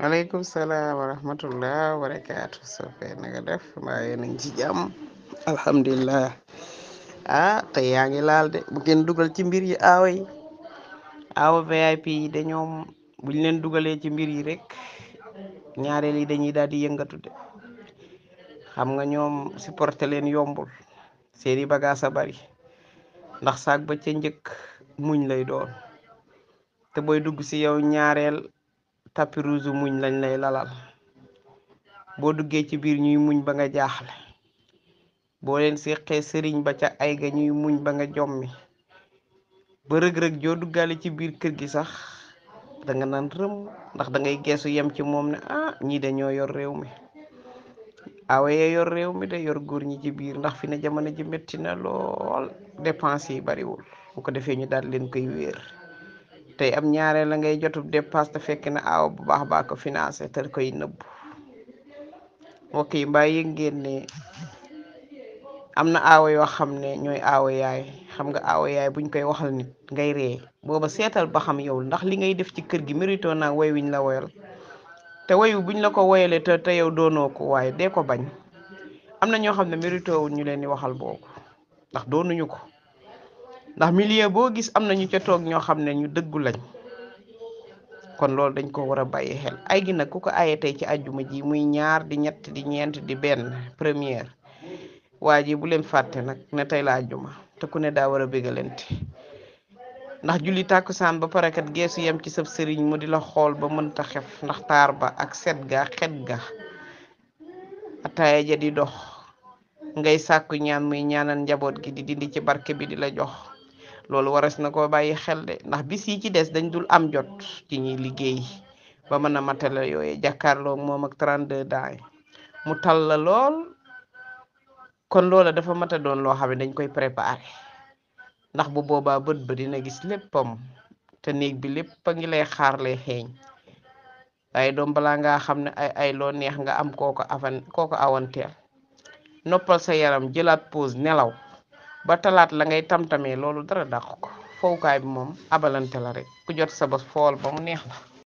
alaikum salam wa rahmatullah wa barakatuh so fe nga def ma yéen ci jam alhamdullilah ah te yaa de bu ngeen dugal ci mbir yi VIP yi de ñoom buñ len dugale ci mbir yi rek ñaareel yi dañuy daal di yëngatu de xam nga ñom supporter len yombul seeni bagage bari ndax sak ba ci ñeuk muñ lay doon te boy dugg ci yow ñaarel tapis rouge muñ lañ lay lalal boo duggee ci biir ñuy muñ ba nga jaaxle boo leen séqee sëriñ ba ca ay ga ñuy muñ ba nga jommi ba rëg-rëg joo duggaale ci biir kër gi sax danga nga naan rëm ndax da ngay geesu yem ci moom ne ah ñii dañoo yor réew mi awee yor réew mi da yor góor ñi ci biir ndax fi ne jamono ji metti na lool dépense yi bariwul bu ko defee ñu daal leen koy wéer tey am ñaareel la ngay jotub dépasse te na aaw bu baax baa ko financé te koy nëbb mbokk yi mbaa yëg ne am na aawo yoo xam ne ñooy aawo xam nga aawo buñ koy waxal nit ngay ree booba seetal ba xam yow ndax li ngay def ci kër gi mérito naa woy wiñ la woyal te woyu buñ la ko woyalee te te yow doonoo ko waaye dee ko bañ am na ñoo xam ne mérito ñu leen di waxal boobu ndax doonuñu ko ndax milieu bo gis amna ñu ca tok ño xamne ñu deggu lañ kon lool dañ ko wara baye xel ay gi nak ku ko aye ci aljuma ji muy ñaar di ñett di ñent di ben première waji bu leen fàtte nak ne tay la aljuma te ku ne da wara a ndax julli takusan ba pare kat geesu yam ci sab sëriñ mu di la xol ba ta xef ndax tar ba ak set ga xet ga ja dox ngay sakku ñaan muy ñaanal njabot gi di dindi ci barke bi di la jox loolu waras na koo bàyyi xel de ndax bis yi ci des dañ dul am jot ci ñi liggéey ba mën a matale yooyu jàkkaarloo moom ak 32 daay mu tal la lool kon loola dafa mat doon loo xam ne dañ koy préparé ndax bu boobaa bët ba dina gis léppam te néeg bi lépp a ngi lay xaar lay xeeñ waaye doom balaa ngaa xam ne ay ay neex nga am kooko avan kooko awanteel noppal sa yaram jëlaat pause nelaw ba talaat la ngay tam-tamee loolu dara dàq ko fowukaay bi moom abalante la rek ku jot sa bos fool ba mu neex la